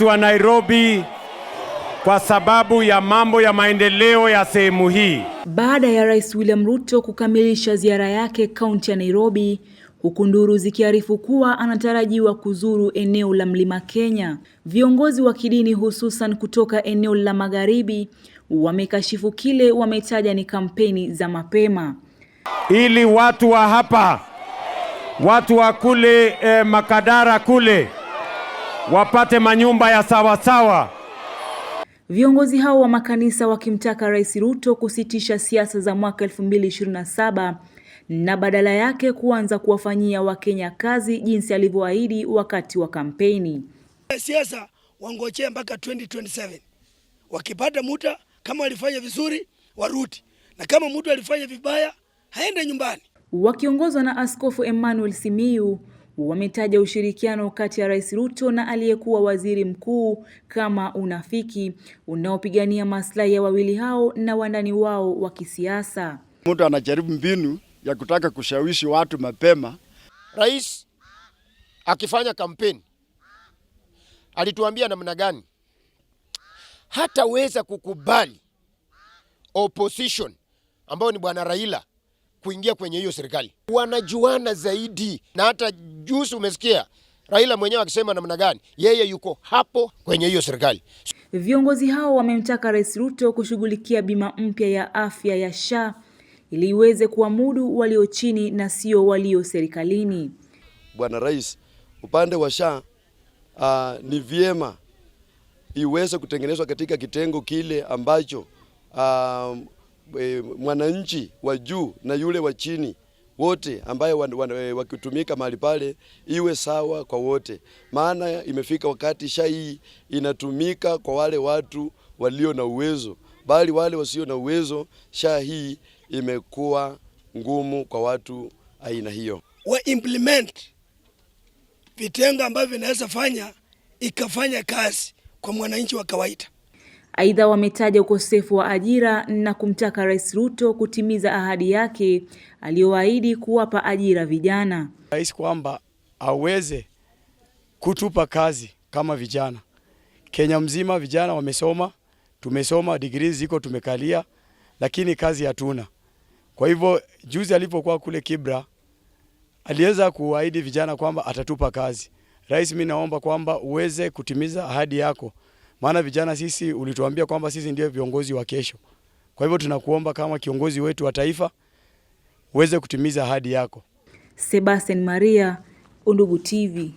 wetu wa Nairobi kwa sababu ya mambo ya maendeleo ya sehemu hii. Baada ya Rais William Ruto kukamilisha ziara yake kaunti ya Nairobi, huku nduru zikiarifu kuwa anatarajiwa kuzuru eneo la Mlima Kenya, viongozi wa kidini hususan kutoka eneo la Magharibi wamekashifu kile wametaja ni kampeni za mapema ili watu wa hapa, watu wa kule eh, Makadara kule wapate manyumba ya sawasawa. Viongozi hao wa makanisa wakimtaka Rais Ruto kusitisha siasa za mwaka 2027 na badala yake kuanza kuwafanyia Wakenya kazi jinsi alivyoahidi wakati wa kampeni. Eh, siasa wangojee mpaka 2027 wakipata muda, kama walifanya vizuri warudi, na kama mtu alifanya vibaya haende nyumbani. Wakiongozwa na Askofu Emmanuel Simiyu wametaja ushirikiano kati ya Rais Ruto na aliyekuwa waziri mkuu kama unafiki unaopigania maslahi ya wawili hao na wandani wao wa kisiasa. Mtu anajaribu mbinu ya kutaka kushawishi watu mapema. Rais akifanya kampeni alituambia namna gani hataweza kukubali opposition ambao ni bwana Raila kuingia kwenye hiyo serikali. Wanajuana zaidi na hata juzi umesikia Raila mwenyewe akisema namna gani yeye yuko hapo kwenye hiyo serikali. Viongozi hao wamemtaka Rais Ruto kushughulikia bima mpya ya afya ya SHA ili iweze kuwamudu walio chini na sio walio serikalini. Bwana Rais, upande wa SHA uh, ni vyema iweze kutengenezwa katika kitengo kile ambacho uh, mwananchi wa juu na yule wa chini wote ambayo eh, wakitumika mahali pale iwe sawa kwa wote, maana imefika wakati sha hii inatumika kwa wale watu walio na uwezo, bali wale wasio na uwezo, sha hii imekuwa ngumu kwa watu aina hiyo. Wa implement vitengo ambavyo vinaweza fanya ikafanya kazi kwa mwananchi wa kawaida. Aidha, wametaja ukosefu wa ajira na kumtaka Rais Ruto kutimiza ahadi yake aliyoahidi kuwapa ajira vijana. Rais kwamba aweze kutupa kazi kama vijana Kenya mzima, vijana wamesoma, tumesoma, degree ziko, tumekalia, lakini kazi hatuna. Kwa hivyo juzi alipokuwa kule Kibra aliweza kuahidi vijana kwamba atatupa kazi. Rais, mimi naomba kwamba uweze kutimiza ahadi yako maana vijana sisi ulituambia kwamba sisi ndio viongozi wa kesho. Kwa hivyo tunakuomba kama kiongozi wetu wa taifa uweze kutimiza ahadi yako. Sebastian Maria, Undugu TV.